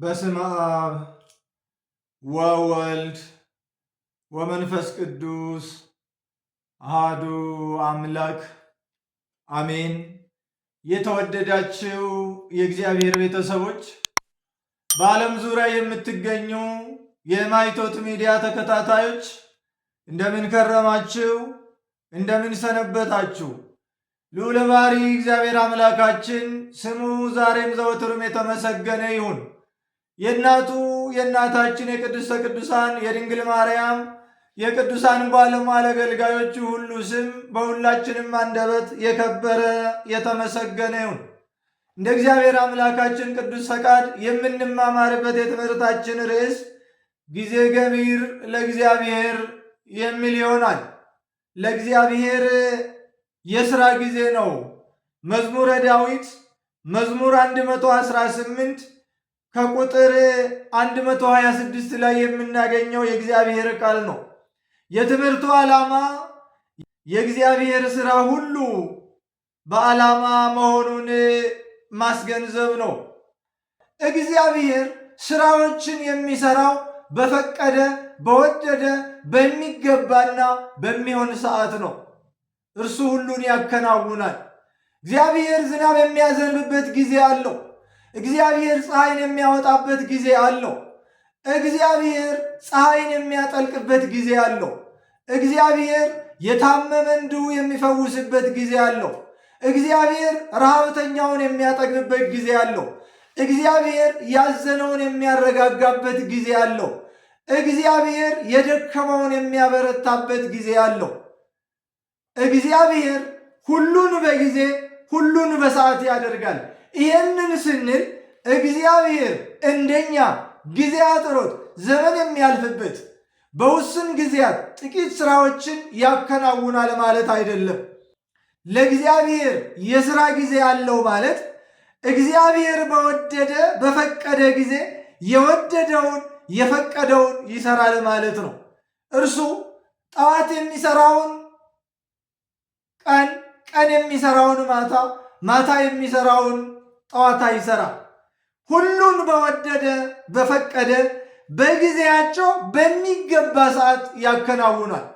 በስመ አብ ወወልድ ወመንፈስ ቅዱስ አሃዱ አምላክ አሜን። የተወደዳችው የእግዚአብሔር ቤተሰቦች በዓለም ዙሪያ የምትገኙ የማይቶት ሚዲያ ተከታታዮች እንደምን ከረማችሁ? እንደምን ሰነበታችሁ? ልዑለ ባሕርይ እግዚአብሔር አምላካችን ስሙ ዛሬም ዘወትሩም የተመሰገነ ይሁን። የእናቱ የእናታችን የቅድስተ ቅዱሳን የድንግል ማርያም የቅዱሳን ባለሟል አገልጋዮቹ ሁሉ ስም በሁላችንም አንደበት የከበረ የተመሰገነ ይሁን። እንደ እግዚአብሔር አምላካችን ቅዱስ ፈቃድ የምንማማርበት የትምህርታችን ርዕስ ጊዜ ገቢር ለእግዚአብሔር የሚል ይሆናል። ለእግዚአብሔር የሥራ ጊዜ ነው። መዝሙረ ዳዊት መዝሙር 118 ከቁጥር 126 ላይ የምናገኘው የእግዚአብሔር ቃል ነው። የትምህርቱ ዓላማ የእግዚአብሔር ሥራ ሁሉ በዓላማ መሆኑን ማስገንዘብ ነው። እግዚአብሔር ሥራዎችን የሚሠራው በፈቀደ በወደደ በሚገባና በሚሆን ሰዓት ነው። እርሱ ሁሉን ያከናውናል። እግዚአብሔር ዝናብ የሚያዘንብበት ጊዜ አለው። እግዚአብሔር ፀሐይን የሚያወጣበት ጊዜ አለው። እግዚአብሔር ፀሐይን የሚያጠልቅበት ጊዜ አለው። እግዚአብሔር የታመመን ድው የሚፈውስበት ጊዜ አለው። እግዚአብሔር ረሃብተኛውን የሚያጠግብበት ጊዜ አለው። እግዚአብሔር ያዘነውን የሚያረጋጋበት ጊዜ አለው። እግዚአብሔር የደከመውን የሚያበረታበት ጊዜ አለው። እግዚአብሔር ሁሉን በጊዜ ሁሉን በሰዓት ያደርጋል። ይህንን ስንል እግዚአብሔር እንደኛ ጊዜ አጥሮት ዘመን የሚያልፍበት በውስን ጊዜያት ጥቂት ስራዎችን ያከናውናል ማለት አይደለም። ለእግዚአብሔር የስራ ጊዜ አለው ማለት እግዚአብሔር በወደደ በፈቀደ ጊዜ የወደደውን የፈቀደውን ይሰራል ማለት ነው። እርሱ ጠዋት የሚሰራውን ቀን፣ ቀን የሚሰራውን ማታ፣ ማታ የሚሰራውን ጠዋታ ይሰራ! ሁሉን በወደደ በፈቀደ በጊዜያቸው በሚገባ ሰዓት ያከናውናል።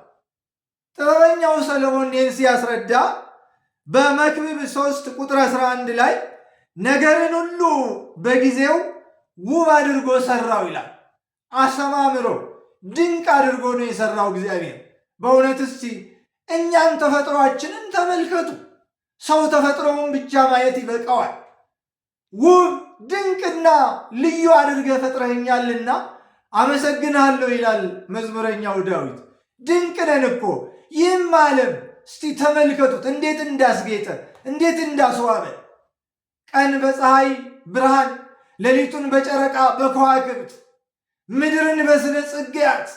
ጥበበኛው ሰለሞን ይህን ሲያስረዳ በመክብብ 3 ቁጥር 11 ላይ ነገርን ሁሉ በጊዜው ውብ አድርጎ ሰራው ይላል። አሰማምሮ ድንቅ አድርጎ ነው የሰራው እግዚአብሔር። በእውነት እስቲ እኛን ተፈጥሯችንን ተመልከቱ። ሰው ተፈጥሮውን ብቻ ማየት ይበቃዋል። ውብ ድንቅና ልዩ አድርገህ ፈጥረኸኛልና አመሰግንሃለሁ ይላል መዝሙረኛው ዳዊት። ድንቅ ነን እኮ ይህም ዓለም እስቲ ተመልከቱት እንዴት እንዳስጌጠ እንዴት እንዳስዋበ ቀን በፀሐይ ብርሃን ሌሊቱን በጨረቃ በከዋክብት ምድርን በስነ ጽጌያት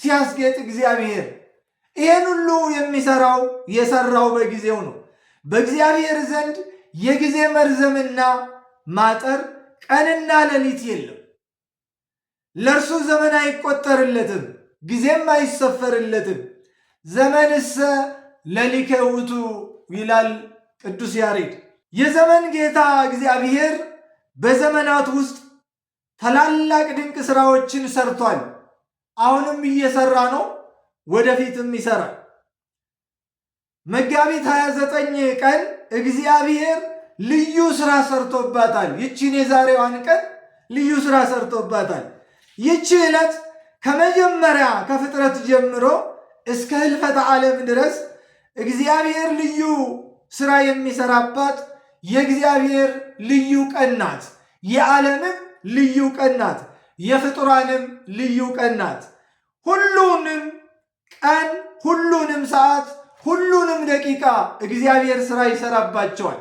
ሲያስጌጥ እግዚአብሔር። ይህን ሁሉ የሚሰራው የሰራው በጊዜው ነው። በእግዚአብሔር ዘንድ የጊዜ መርዘምና ማጠር ቀንና ሌሊት የለም። ለእርሱ ዘመን አይቆጠርለትም፣ ጊዜም አይሰፈርለትም። ዘመንሰ ለሊከ ውእቱ ይላል ቅዱስ ያሬድ። የዘመን ጌታ እግዚአብሔር በዘመናት ውስጥ ታላላቅ ድንቅ ስራዎችን ሰርቷል። አሁንም እየሰራ ነው፣ ወደፊትም ይሰራል። መጋቢት 29 ቀን እግዚአብሔር ልዩ ስራ ሰርቶባታል። ይችን የዛሬዋን ቀን ልዩ ስራ ሰርቶባታል። ይቺ ዕለት ከመጀመሪያ ከፍጥረት ጀምሮ እስከ ህልፈተ ዓለም ድረስ እግዚአብሔር ልዩ ስራ የሚሰራባት የእግዚአብሔር ልዩ ቀን ናት። የዓለምም ልዩ ቀን ናት። የፍጡራንም ልዩ ቀን ናት። ሁሉንም ቀን ሁሉንም ሰዓት ሁሉንም ደቂቃ እግዚአብሔር ሥራ ይሰራባቸዋል።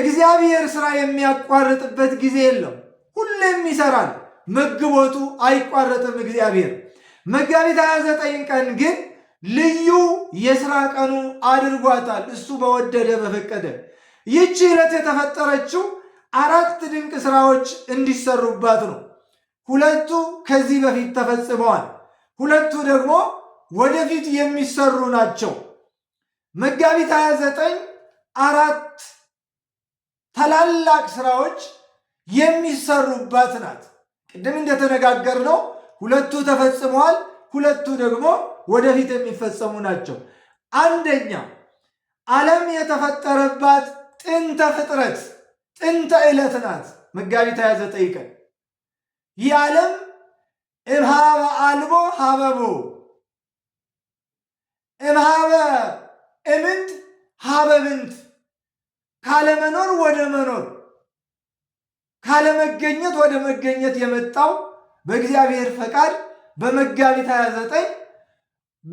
እግዚአብሔር ሥራ የሚያቋርጥበት ጊዜ የለም። ሁሌም ይሰራል። መግቦቱ አይቋረጥም። እግዚአብሔር መጋቢት 29 ቀን ግን ልዩ የሥራ ቀኑ አድርጓታል። እሱ በወደደ በፈቀደ። ይህች ዕለት የተፈጠረችው አራት ድንቅ ሥራዎች እንዲሰሩባት ነው። ሁለቱ ከዚህ በፊት ተፈጽመዋል። ሁለቱ ደግሞ ወደፊት የሚሰሩ ናቸው። መጋቢት 29 አራት ታላላቅ ስራዎች የሚሰሩባት ናት። ቅድም እንደተነጋገር ነው ሁለቱ ተፈጽመዋል፣ ሁለቱ ደግሞ ወደፊት የሚፈጸሙ ናቸው። አንደኛ ዓለም የተፈጠረባት ጥንተ ፍጥረት ጥንተ ዕለት ናት። መጋቢት 29 ቀን ይህ ዓለም እብሃበ አልቦ ሀበቦ እምሃበ እምንት ሀበ ምንት ካለመኖር ወደ መኖር ካለመገኘት ወደ መገኘት የመጣው በእግዚአብሔር ፈቃድ በመጋቢት 29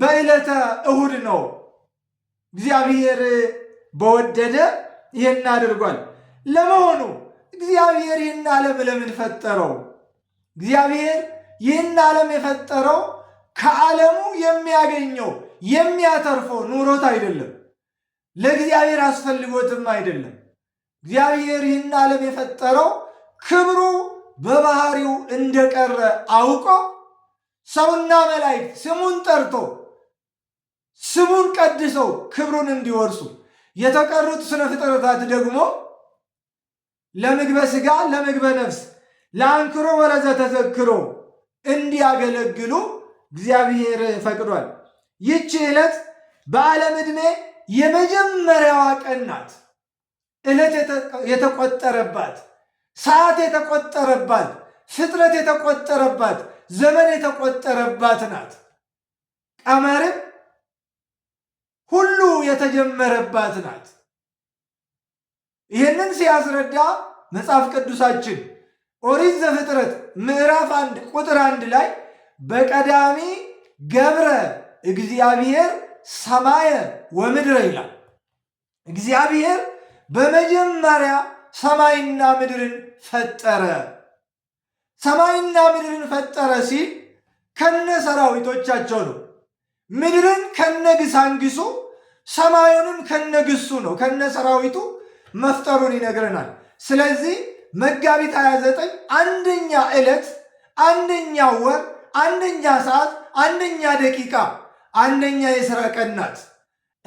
በዕለተ እሁድ ነው። እግዚአብሔር በወደደ ይህን አድርጓል። ለመሆኑ እግዚአብሔር ይህን ዓለም ለምን ፈጠረው? እግዚአብሔር ይህን ዓለም የፈጠረው ከዓለሙ የሚያገኘው የሚያተርፈው ኑሮት አይደለም፣ ለእግዚአብሔር አስፈልጎትም አይደለም። እግዚአብሔር ይህን ዓለም የፈጠረው ክብሩ በባህሪው እንደቀረ አውቆ ሰውና መላእክት ስሙን ጠርቶ ስሙን ቀድሰው ክብሩን እንዲወርሱ የተቀሩት ስነ ፍጥረታት ደግሞ ለምግበ ሥጋ ለምግበ ነፍስ ለአንክሮ ወለዘ ተዘክሮ እንዲያገለግሉ እግዚአብሔር ፈቅዷል። ይቺ ዕለት በዓለም ዕድሜ የመጀመሪያዋ ቀን ናት። ዕለት የተቆጠረባት፣ ሰዓት የተቆጠረባት፣ ፍጥረት የተቆጠረባት፣ ዘመን የተቆጠረባት ናት። ቀመርም ሁሉ የተጀመረባት ናት። ይህንን ሲያስረዳ መጽሐፍ ቅዱሳችን ኦሪት ዘፍጥረት ምዕራፍ አንድ ቁጥር አንድ ላይ በቀዳሚ ገብረ እግዚአብሔር ሰማየ ወምድረ ይላል። እግዚአብሔር በመጀመሪያ ሰማይና ምድርን ፈጠረ። ሰማይና ምድርን ፈጠረ ሲል ከነ ሰራዊቶቻቸው ነው። ምድርን ከነ ግሳንግሱ፣ ሰማዩንም ከነ ግሱ ነው ከነ ሰራዊቱ መፍጠሩን ይነግረናል። ስለዚህ መጋቢት 29 አንደኛ ዕለት፣ አንደኛ ወር፣ አንደኛ ሰዓት፣ አንደኛ ደቂቃ አንደኛ የሥራ ቀን ናት።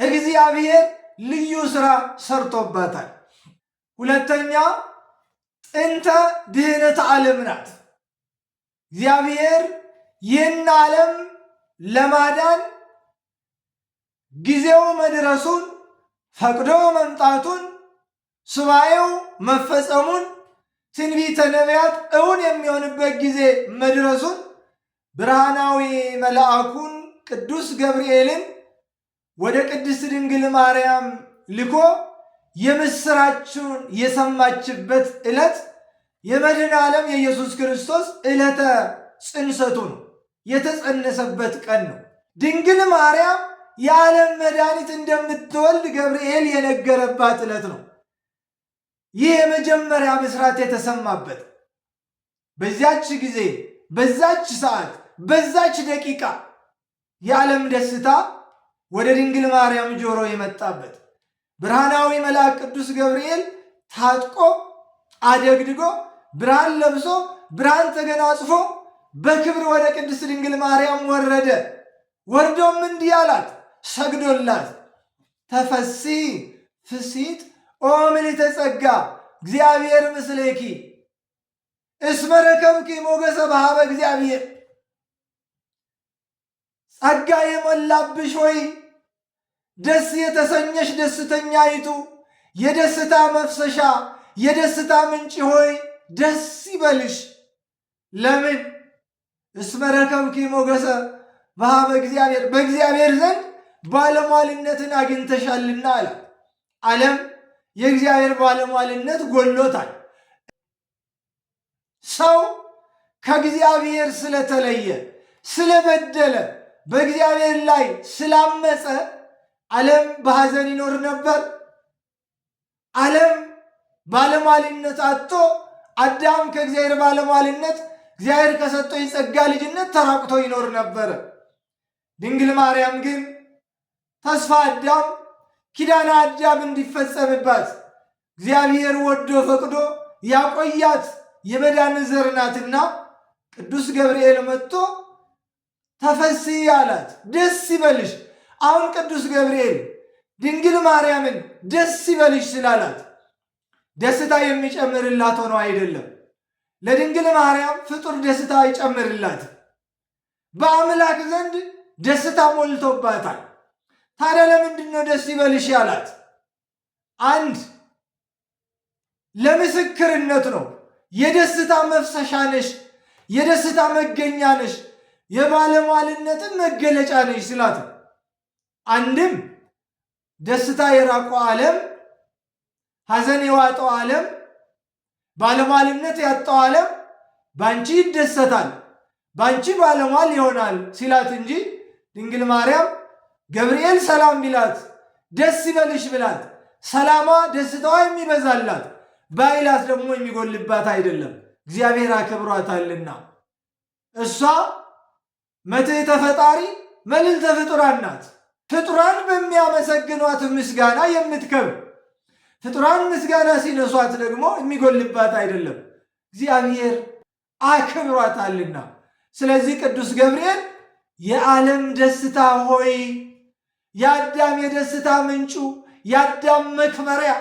እግዚአብሔር ልዩ ሥራ ሰርቶባታል። ሁለተኛ ጥንተ ድህነት ዓለም ናት። እግዚአብሔር ይህን ዓለም ለማዳን ጊዜው መድረሱን ፈቅዶ መምጣቱን ሱባኤው መፈጸሙን ትንቢተ ነቢያት እውን የሚሆንበት ጊዜ መድረሱን ብርሃናዊ መልአኩን ቅዱስ ገብርኤልን ወደ ቅድስት ድንግል ማርያም ልኮ የምስራችሁን የሰማችበት ዕለት የመድን ዓለም የኢየሱስ ክርስቶስ ዕለተ ጽንሰቱ ነው። የተጸነሰበት ቀን ነው። ድንግል ማርያም የዓለም መድኃኒት እንደምትወልድ ገብርኤል የነገረባት ዕለት ነው። ይህ የመጀመሪያ መስራት የተሰማበት በዚያች ጊዜ፣ በዛች ሰዓት፣ በዛች ደቂቃ የዓለም ደስታ ወደ ድንግል ማርያም ጆሮ የመጣበት ብርሃናዊ መልአክ ቅዱስ ገብርኤል ታጥቆ አደግድጎ ብርሃን ለብሶ ብርሃን ተገናጽፎ በክብር ወደ ቅድስት ድንግል ማርያም ወረደ። ወርዶም እንዲህ አላት፣ ሰግዶላት ተፈሲ ፍሲት ኦ ምልዕተ ጸጋ እግዚአብሔር ምስሌኪ እስመ ረከብኪ ሞገሰ ባሃበ እግዚአብሔር ጸጋ የሞላብሽ ሆይ ደስ የተሰኘሽ ደስተኛይቱ የደስታ መፍሰሻ የደስታ ምንጭ ሆይ ደስ ይበልሽ። ለምን እስመ ረከብኪ ሞገሰ በሀበ እግዚአብሔር፣ በእግዚአብሔር ዘንድ ባለሟልነትን አግኝተሻልና አለ። ዓለም የእግዚአብሔር ባለሟልነት ጎሎታል። ሰው ከእግዚአብሔር ስለተለየ ስለበደለ በእግዚአብሔር ላይ ስላመፀ ዓለም በሐዘን ይኖር ነበር። ዓለም ባለሟልነት አጥቶ አዳም ከእግዚአብሔር ባለሟልነት እግዚአብሔር ከሰጠው የጸጋ ልጅነት ተራቁቶ ይኖር ነበረ። ድንግል ማርያም ግን ተስፋ አዳም ኪዳነ አዳም እንዲፈጸምባት እግዚአብሔር ወዶ ፈቅዶ ያቆያት የመዳን ዘር ናትና ቅዱስ ገብርኤል መጥቶ ተፈሲ አላት። ደስ ይበልሽ። አሁን ቅዱስ ገብርኤል ድንግል ማርያምን ደስ ይበልሽ ስላላት ደስታ የሚጨምርላት ሆኖ አይደለም። ለድንግል ማርያም ፍጡር ደስታ ይጨምርላት፣ በአምላክ ዘንድ ደስታ ሞልቶባታል። ታዲያ ለምንድን ነው ደስ ይበልሽ ያላት? አንድ ለምስክርነት ነው። የደስታ መፍሰሻ ነሽ፣ የደስታ መገኛ ነሽ። የባለሟልነትን መገለጫ ነች ስላት አንድም ደስታ የራቁ ዓለም፣ ሐዘን የዋጠው ዓለም፣ ባለሟልነት ያጣው ዓለም ባንቺ ይደሰታል፣ ባንቺ ባለሟል ይሆናል ሲላት እንጂ ድንግል ማርያም ገብርኤል ሰላም ቢላት ደስ ይበልሽ ብላት ሰላሟ ደስታዋ የሚበዛላት ባይላት ደግሞ የሚጎልባት አይደለም፣ እግዚአብሔር አክብሯታልና እሷ መትሕተ ፈጣሪ መልዕልተ ፍጡራን ናት። ፍጡራን በሚያመሰግኗት ምስጋና የምትከብ ፍጡራን ምስጋና ሲነሷት ደግሞ የሚጎልባት አይደለም፣ እግዚአብሔር አክብሯታልና። ስለዚህ ቅዱስ ገብርኤል የዓለም ደስታ ሆይ የአዳም የደስታ ምንጩ የአዳም መክመሪያ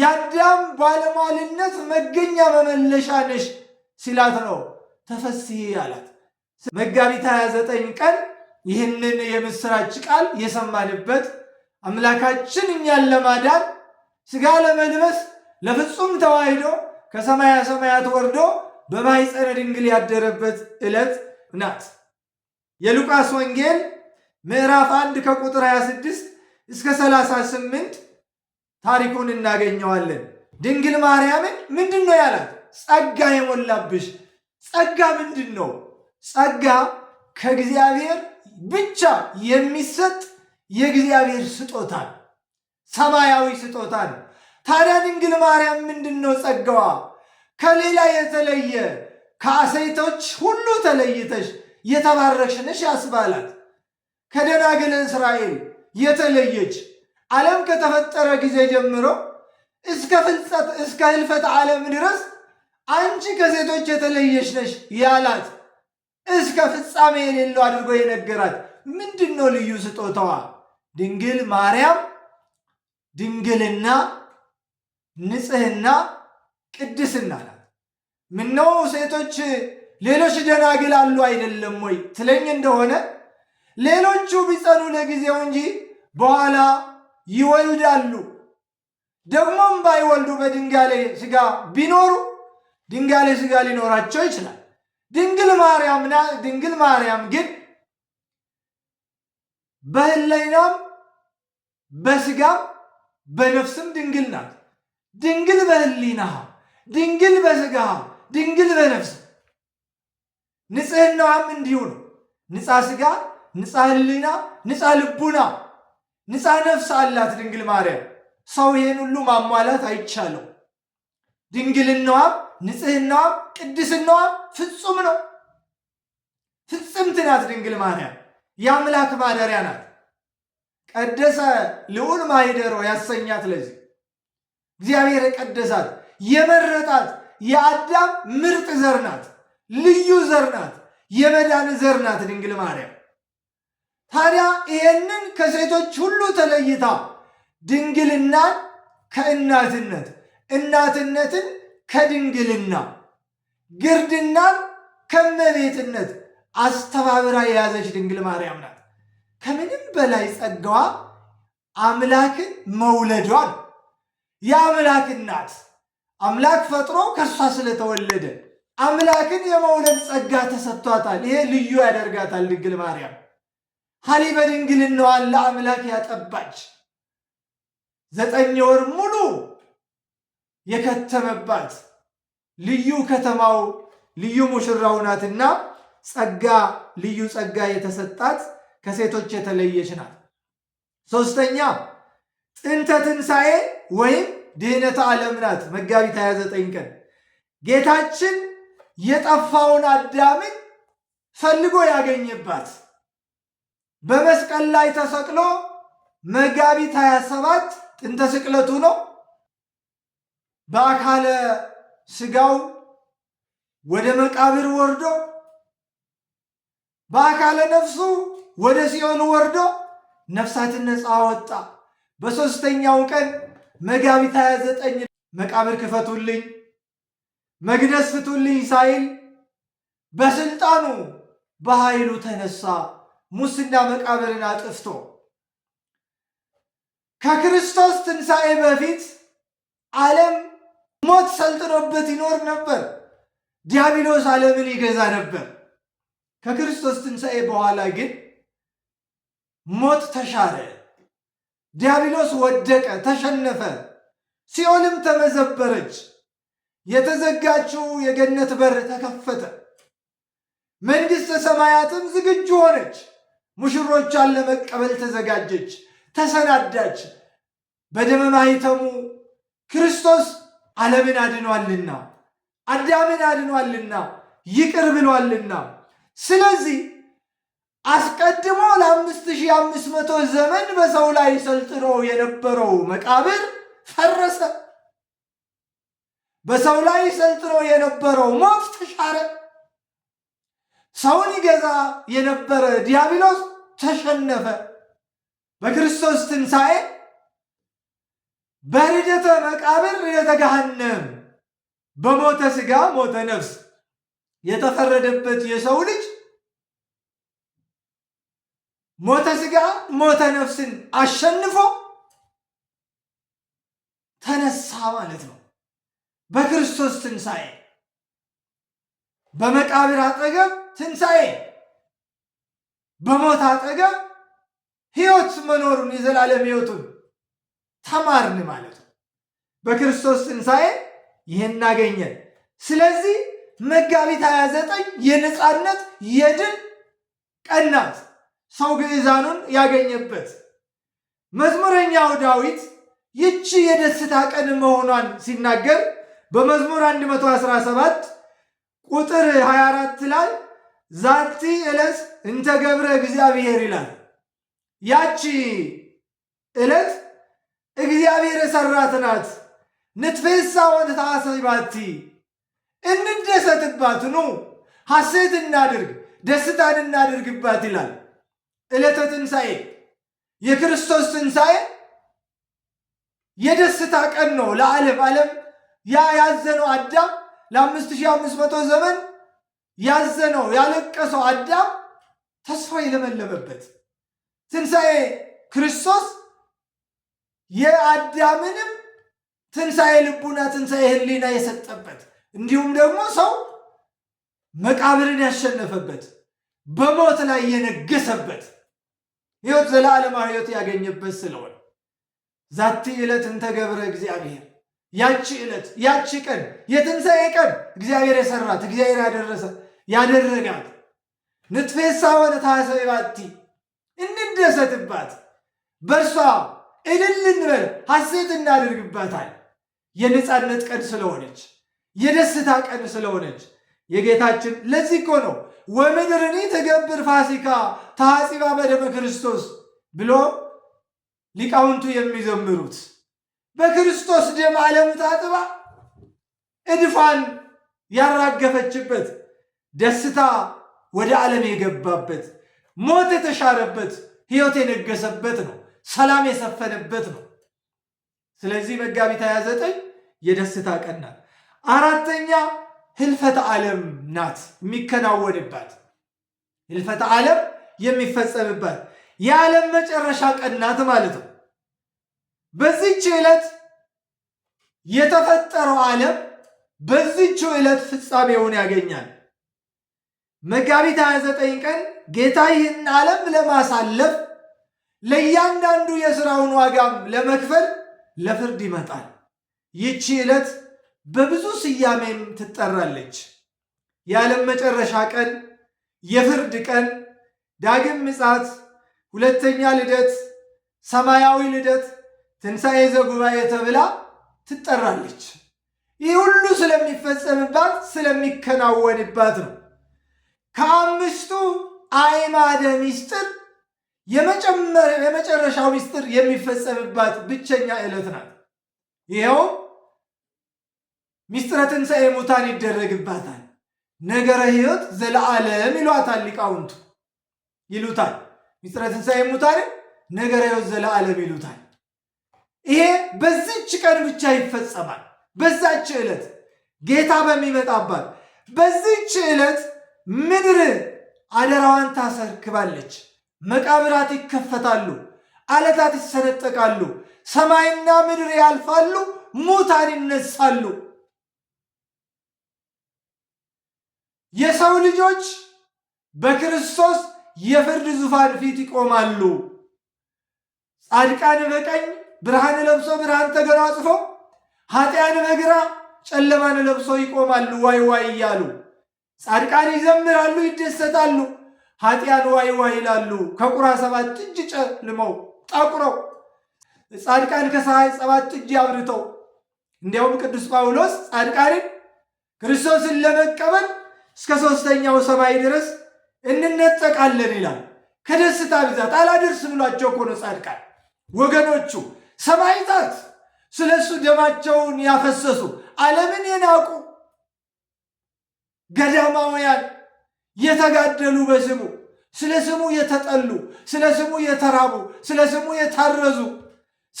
የአዳም ባለሟልነት መገኛ መመለሻ ነሽ ሲላት ነው ተፈስሒ አላት። መጋቢት 29 ቀን ይህንን የምስራች ቃል የሰማንበት አምላካችን እኛን ለማዳን ስጋ ለመልበስ ለፍጹም ተዋህዶ ከሰማያ ሰማያት ወርዶ በማኅፀነ ድንግል ያደረበት ዕለት ናት። የሉቃስ ወንጌል ምዕራፍ 1 ከቁጥር 26 እስከ 38 ታሪኩን እናገኘዋለን። ድንግል ማርያምን ምንድን ነው ያላት? ጸጋ የሞላብሽ። ጸጋ ምንድን ነው? ጸጋ ከእግዚአብሔር ብቻ የሚሰጥ የእግዚአብሔር ስጦታ ሰማያዊ ስጦታ ነው። ታዲያ ድንግል ማርያም ምንድን ነው ጸጋዋ? ከሌላ የተለየ ከአሴቶች ሁሉ ተለይተሽ የተባረክሽ ነሽ ያስባላት። ከደናግል እስራኤል የተለየች ዓለም ከተፈጠረ ጊዜ ጀምሮ እስከ እስከ ህልፈት ዓለም ድረስ አንቺ ከሴቶች የተለየሽ ነሽ ያላት እስከ ፍጻሜ የሌለው አድርጎ የነገራት ምንድን ነው ልዩ ስጦታዋ? ድንግል ማርያም ድንግልና፣ ንጽህና፣ ቅድስና ናት። ምነው ሴቶች ሌሎች ደናግል አሉ አይደለም ወይ ትለኝ እንደሆነ ሌሎቹ ቢጸኑ ለጊዜው እንጂ በኋላ ይወልዳሉ። ደግሞም ባይወልዱ በድንጋሌ ስጋ ቢኖሩ ድንጋሌ ስጋ ሊኖራቸው ይችላል። ድንግል ማርያም ድንግል ማርያም ግን በህለይናም በስጋም በነፍስም ድንግል ናት። ድንግል በህሊናሃ፣ ድንግል በስጋሃ፣ ድንግል በነፍስ ንጽህናዋም እንዲሁ ነው። ንጻ ስጋ፣ ንጻ ህሊና፣ ንጻ ልቡና፣ ንጻ ነፍስ አላት ድንግል ማርያም። ሰው ይሄን ሁሉ ማሟላት አይቻለው። ድንግልናዋም ንጽህናዋም ቅድስናዋም ፍጹም ነው። ፍጽምት ናት ድንግል ማርያም የአምላክ ማደሪያ ናት። ቀደሰ ልዑል ማይደሮ ያሰኛት ለዚህ እግዚአብሔር ቀደሳት፣ የመረጣት የአዳም ምርጥ ዘር ናት፣ ልዩ ዘር ናት፣ የመዳን ዘር ናት ድንግል ማርያም። ታዲያ ይሄንን ከሴቶች ሁሉ ተለይታ ድንግልናን ከእናትነት እናትነትን ከድንግልና ግርድናን ከመቤትነት አስተባብራ የያዘች ድንግል ማርያም ናት። ከምንም በላይ ጸጋዋ አምላክን መውለዷን የአምላክ እናት አምላክ ፈጥሮ ከእሷ ስለተወለደ አምላክን የመውለድ ጸጋ ተሰጥቷታል። ይሄ ልዩ ያደርጋታል። ድንግል ማርያም ሀሊ በድንግልናዋ ለአምላክ ያጠባች ዘጠኝ ወር ሙሉ የከተመባት ልዩ ከተማው ልዩ ሙሽራው ናትና ጸጋ ልዩ ጸጋ የተሰጣት ከሴቶች የተለየች ናት። ሶስተኛ ጥንተ ትንሣኤ ወይም ድህነተ ዓለም ናት። መጋቢት 29 ቀን ጌታችን የጠፋውን አዳምን ፈልጎ ያገኘባት በመስቀል ላይ ተሰቅሎ መጋቢት 27 ጥንተ ስቅለቱ ነው። በአካለ ስጋው ወደ መቃብር ወርዶ በአካለ ነፍሱ ወደ ሲኦል ወርዶ ነፍሳትን ነፃ ወጣ በሦስተኛው ቀን መጋቢት 29 መቃብር ክፈቱልኝ፣ መግነዝ ፍቱልኝ ሳይል በስልጣኑ በኃይሉ ተነሳ። ሙስና መቃብርን አጥፍቶ ከክርስቶስ ትንሣኤ በፊት ዓለም ሞት ሰልጥኖበት ይኖር ነበር። ዲያብሎስ ዓለምን ይገዛ ነበር። ከክርስቶስ ትንሣኤ በኋላ ግን ሞት ተሻረ፣ ዲያብሎስ ወደቀ፣ ተሸነፈ፣ ሲኦልም ተመዘበረች። የተዘጋችው የገነት በር ተከፈተ፣ መንግሥተ ሰማያትም ዝግጁ ሆነች። ሙሽሮቿን ለመቀበል ተዘጋጀች፣ ተሰናዳች። በደመ ማኅተሙ ክርስቶስ ዓለምን አድኗልና አዳምን አድኗልና ይቅር ብሏልና። ስለዚህ አስቀድሞ ለ5500 ዘመን በሰው ላይ ሰልጥኖ የነበረው መቃብር ፈረሰ። በሰው ላይ ሰልጥኖ የነበረው ሞት ተሻረ። ሰውን ይገዛ የነበረ ዲያብሎስ ተሸነፈ። በክርስቶስ ትንሣኤ በርደተ መቃብር የተገሃነም በሞተ ስጋ ሞተ ነፍስ የተፈረደበት የሰው ልጅ ሞተ ስጋ ሞተ ነፍስን አሸንፎ ተነሳ ማለት ነው። በክርስቶስ ትንሣኤ በመቃብር አጠገብ ትንሣኤ፣ በሞት አጠገብ ሕይወት መኖሩን የዘላለም ሕይወቱን ተማርን ማለት ነው። በክርስቶስ ትንሣኤ ይህን እናገኘን። ስለዚህ መጋቢት 29 የነፃነት የድል ቀን ናት። ሰው ግዕዛኑን ያገኘበት መዝሙረኛው ዳዊት ይቺ የደስታ ቀን መሆኗን ሲናገር በመዝሙር 117 ቁጥር 24 ላይ ዛቲ ዕለት እንተ ገብረ እግዚአብሔር ይላል። ያቺ ዕለት እግዚአብሔር የሰራት ናት። ንትፌሳ ወንትታሰባቲ እንደሰትባት ኑ ሐሴት እናድርግ፣ ደስታን እናድርግባት ይላል። ዕለተ ትንሣኤ የክርስቶስ ትንሣኤ የደስታ ቀን ነው ለዓለም። ዓለም ያ ያዘነው አዳም ለ 5500 ዘመን ያዘነው ያለቀሰው አዳም ተስፋ የለመለመበት ትንሣኤ ክርስቶስ የአዳምንም ትንሣኤ ልቡና ትንሣኤ ህሊና የሰጠበት እንዲሁም ደግሞ ሰው መቃብርን ያሸነፈበት በሞት ላይ የነገሰበት ህይወት ዘላለማዊ ህይወት ያገኘበት ስለሆነ ዛቲ ዕለት እንተገብረ እግዚአብሔር ያቺ ዕለት ያቺ ቀን የትንሣኤ ቀን እግዚአብሔር የሰራት እግዚአብሔር ያደረሰ ያደረጋት ንትፌሳ ሆነ ታሰባቲ እንደሰትባት በእርሷ እልል እንበል፣ ሐሴት የነፃነት ቀን ስለሆነች፣ የደስታ ቀን ስለሆነች የጌታችን ለዚህ እኮ ነው ወምድርኒ ትገብር ፋሲካ ታሐፂባ በደመ ክርስቶስ ብሎ ሊቃውንቱ የሚዘምሩት በክርስቶስ ደም ዓለም ታጥባ እድፋን ያራገፈችበት ደስታ ወደ ዓለም የገባበት ሞት የተሻረበት ሕይወት የነገሰበት ነው። ሰላም የሰፈነበት ነው። ስለዚህ መጋቢት 29 የደስታ ቀን ናት። አራተኛ ህልፈተ ዓለም ናት የሚከናወንባት ህልፈተ ዓለም የሚፈጸምባት የዓለም መጨረሻ ቀን ናት ማለት ነው። በዚች ዕለት የተፈጠረው ዓለም በዚችው ዕለት ፍጻሜውን ያገኛል። መጋቢት 29 ቀን ጌታ ይህን ዓለም ለማሳለፍ ለእያንዳንዱ የሥራውን ዋጋም ለመክፈል ለፍርድ ይመጣል። ይቺ ዕለት በብዙ ስያሜም ትጠራለች። የዓለም መጨረሻ ቀን፣ የፍርድ ቀን፣ ዳግም ምጽአት፣ ሁለተኛ ልደት፣ ሰማያዊ ልደት፣ ትንሣኤ ዘጉባኤ ተብላ ትጠራለች። ይህ ሁሉ ስለሚፈጸምባት ስለሚከናወንባት ነው። ከአምስቱ አዕማደ ምስጢር የመጨረሻው ምስጢር የሚፈጸምባት ብቸኛ ዕለት ናት። ይኸውም ምስጢረ ትንሣኤ ሙታን ይደረግባታል። ነገረ ሕይወት ዘለዓለም ይሏታል ሊቃውንቱ ይሉታል። ምስጢረ ትንሣኤ ሙታን ነገረ ሕይወት ዘለዓለም ይሉታል። ይሄ በዚች ቀን ብቻ ይፈጸማል። በዛች ዕለት ጌታ በሚመጣባት በዚች ዕለት ምድር አደራዋን ታስረክባለች። መቃብራት ይከፈታሉ፣ አለታት ይሰነጠቃሉ፣ ሰማይና ምድር ያልፋሉ፣ ሙታን ይነሳሉ። የሰው ልጆች በክርስቶስ የፍርድ ዙፋን ፊት ይቆማሉ። ጻድቃን በቀኝ ብርሃን ለብሶ ብርሃን ተጎናጽፎ፣ ኃጢያን በግራ ጨለማን ለብሶ ይቆማሉ ዋይ ዋይ እያሉ። ጻድቃን ይዘምራሉ፣ ይደሰታሉ። ኃጢያን ዋይ ዋይ ይላሉ ከቁራ ሰባት እጅ ጨልመው ጠቁረው ጻድቃን ከፀሐይ ሰባት እጅ አብርተው። እንዲያውም ቅዱስ ጳውሎስ ጻድቃንን ክርስቶስን ለመቀበል እስከ ሦስተኛው ሰማይ ድረስ እንነጠቃለን ይላል። ከደስታ ብዛት አላደርስ ብሏቸው እኮ ነው ጻድቃን ወገኖቹ ሰማዕታት ስለ እሱ ደማቸውን ያፈሰሱ ዓለምን የናቁ ገዳማውያን የተጋደሉ በስሙ ስለ ስሙ የተጠሉ ስለ ስሙ የተራቡ ስለ ስሙ የታረዙ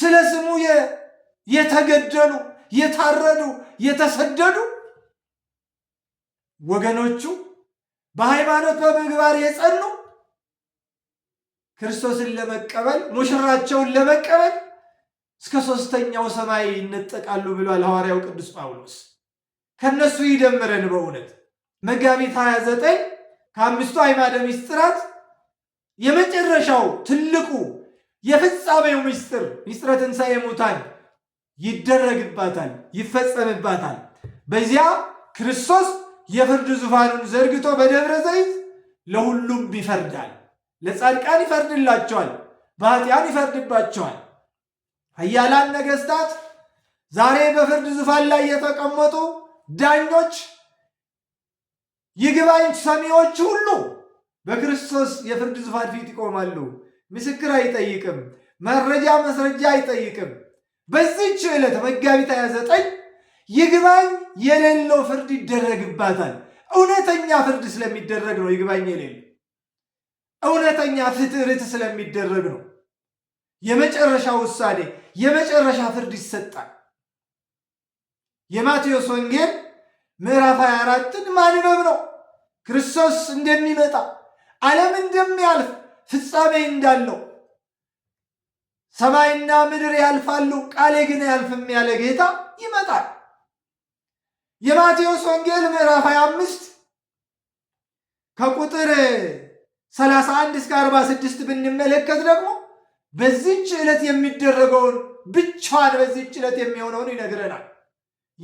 ስለ ስሙ የተገደሉ የታረዱ የተሰደዱ ወገኖቹ በሃይማኖት በምግባር የጸኑ ክርስቶስን ለመቀበል ሙሽራቸውን ለመቀበል እስከ ሶስተኛው ሰማይ ይነጠቃሉ ብሏል ሐዋርያው ቅዱስ ጳውሎስ። ከነሱ ይደምረን በእውነት መጋቢት 29 ከአምስቱ አዕማደ ምስጢራት የመጨረሻው ትልቁ የፍጻሜው ምስጢር ምስጢረ ትንሣኤ ሙታን ይደረግባታል፣ ይፈጸምባታል። በዚያ ክርስቶስ የፍርድ ዙፋኑን ዘርግቶ በደብረ ዘይት ለሁሉም ይፈርዳል። ለጻድቃን ይፈርድላቸዋል፣ በኃጢአን ይፈርድባቸዋል። ኃያላን ነገሥታት ዛሬ በፍርድ ዙፋን ላይ የተቀመጡ ዳኞች ይግባኝ ሰሚዎች ሁሉ በክርስቶስ የፍርድ ዙፋን ፊት ይቆማሉ። ምስክር አይጠይቅም፣ መረጃ መስረጃ አይጠይቅም። በዚች ዕለት መጋቢት 29 ይግባኝ የሌለው ፍርድ ይደረግባታል። እውነተኛ ፍርድ ስለሚደረግ ነው። ይግባኝ የሌለው እውነተኛ ፍትርት ስለሚደረግ ነው። የመጨረሻ ውሳኔ፣ የመጨረሻ ፍርድ ይሰጣል። የማቴዎስ ወንጌል ምዕራፍ 24ን ማንበብ ነው። ክርስቶስ እንደሚመጣ ዓለም እንደሚያልፍ ፍጻሜ እንዳለው ሰማይና ምድር ያልፋሉ ቃሌ ግን አያልፍም ያለ ጌታ ይመጣል። የማቴዎስ ወንጌል ምዕራፍ 25 ከቁጥር 31 እስከ 46 ብንመለከት ደግሞ በዚህች ዕለት የሚደረገውን ብቻዋን በዚች ዕለት የሚሆነውን ይነግረናል።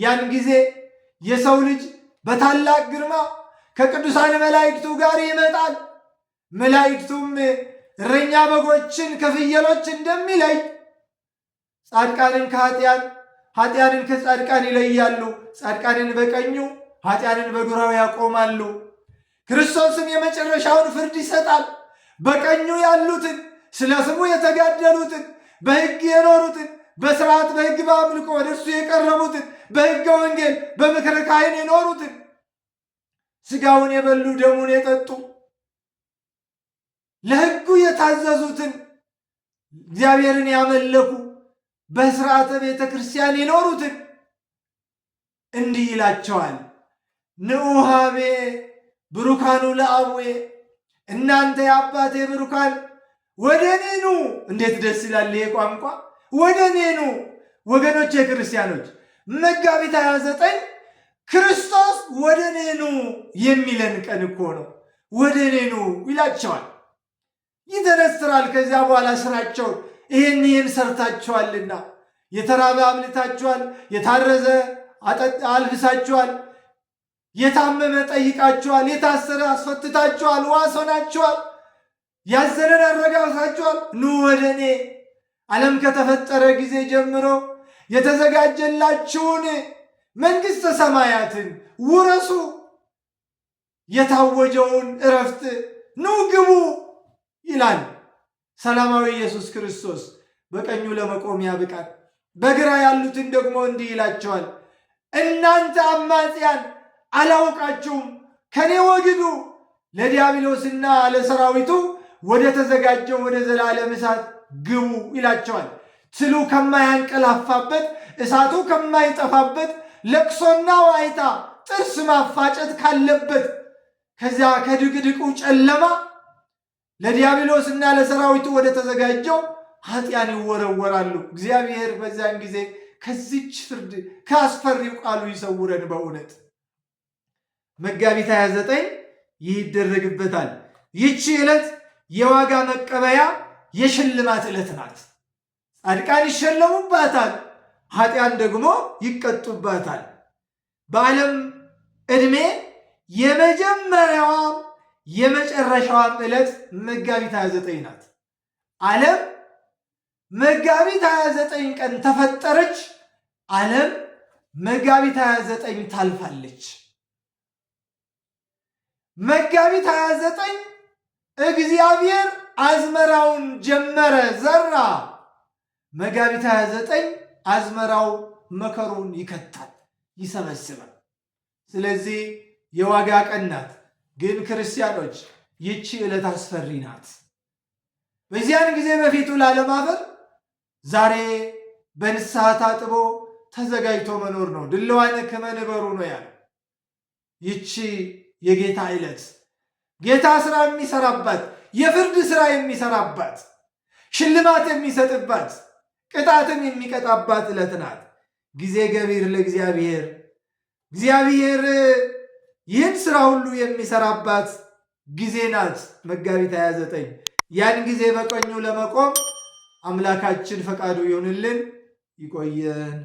ያን ጊዜ የሰው ልጅ በታላቅ ግርማ ከቅዱሳን መላእክቱ ጋር ይመጣል። መላእክቱም እረኛ በጎችን ከፍየሎች እንደሚለይ ጻድቃንን ከኃጢአን ኃጢአንን ከጻድቃን ይለያሉ። ጻድቃንን በቀኙ ኃጢአንን በግራው ያቆማሉ። ክርስቶስም የመጨረሻውን ፍርድ ይሰጣል። በቀኙ ያሉትን ስለ ስሙ የተጋደሉትን በሕግ የኖሩትን በስርዓት በህግ በአምልኮ ወደ እሱ የቀረቡትን በህገ ወንጌል በምክረ ካህን የኖሩትን ስጋውን የበሉ ደሙን የጠጡ ለህጉ የታዘዙትን እግዚአብሔርን ያመለኩ በስርዓተ ቤተ ክርስቲያን የኖሩትን እንዲህ ይላቸዋል። ንኡሃቤ ብሩካኑ ለአቡዌ እናንተ የአባቴ ብሩካን ወደ እኔ ኑ። እንዴት ደስ ይላል ይሄ ቋንቋ! ወደ እኔ ወገኖች የክርስቲያኖች መጋቢት 29 ክርስቶስ ወደ እኔ የሚለን ቀን እኮ ነው። ወደ እኔ ይላቸዋል፣ ይተነስራል። ከዚያ በኋላ ስራቸው ይህን ይህን ሰርታችኋልና የተራበ አብልታችኋል፣ የታረዘ አልብሳችኋል፣ የታመመ ጠይቃችኋል፣ የታሰረ አስፈትታችኋል፣ ዋስ ሆናችኋል፣ ያዘነን አረጋግታችኋል። ኑ ወደ እኔ ዓለም ከተፈጠረ ጊዜ ጀምሮ የተዘጋጀላችሁን መንግሥተ ሰማያትን ውረሱ፣ የታወጀውን እረፍት ኑ ግቡ ይላል ሰላማዊ ኢየሱስ ክርስቶስ። በቀኙ ለመቆም ያብቃል። በግራ ያሉትን ደግሞ እንዲህ ይላቸዋል፣ እናንተ አማጽያን አላውቃችሁም፣ ከኔ ወግዱ፣ ለዲያብሎስና ለሰራዊቱ ወደ ተዘጋጀው ወደ ዘላለም እሳት ግቡ ይላቸዋል። ትሉ ከማያንቀላፋበት እሳቱ ከማይጠፋበት ለቅሶና ዋይታ ጥርስ ማፋጨት ካለበት ከዚያ ከድቅድቁ ጨለማ ለዲያብሎስና ለሰራዊቱ ወደ ተዘጋጀው ኃጢያን ይወረወራሉ። እግዚአብሔር በዚያን ጊዜ ከዚች ፍርድ ከአስፈሪው ቃሉ ይሰውረን። በእውነት መጋቢት 29 ይህ ይደረግበታል። ይቺ ዕለት የዋጋ መቀበያ የሽልማት ዕለት ናት። ጻድቃን ይሸለሙባታል፣ ኃጢያን ደግሞ ይቀጡባታል። በዓለም ዕድሜ የመጀመሪያዋም የመጨረሻዋም ዕለት መጋቢት 29 ናት። ዓለም መጋቢት 29 ቀን ተፈጠረች። ዓለም መጋቢት 29 ታልፋለች። መጋቢት 29 እግዚአብሔር አዝመራውን ጀመረ ዘራ። መጋቢት 29 አዝመራው መከሩን ይከታል ይሰበስባል። ስለዚህ የዋጋ ቀን ናት። ግን ክርስቲያኖች ይቺ ዕለት አስፈሪ ናት። በዚያን ጊዜ በፊቱ ላለማፈር ዛሬ በንስሐ ታጥቦ ተዘጋጅቶ መኖር ነው። ድልዋነ ከመንበሩ ነው ያለ። ይቺ የጌታ ዕለት ጌታ ስራ የሚሰራባት የፍርድ ሥራ የሚሰራባት ሽልማት የሚሰጥባት ቅጣትን የሚቀጣባት ዕለት ናት። ጊዜ ገቢር ለእግዚአብሔር እግዚአብሔር ይህን ሥራ ሁሉ የሚሰራባት ጊዜ ናት። መጋቢት 29 ያን ጊዜ በቀኙ ለመቆም አምላካችን ፈቃዱ ይሁንልን። ይቆየን።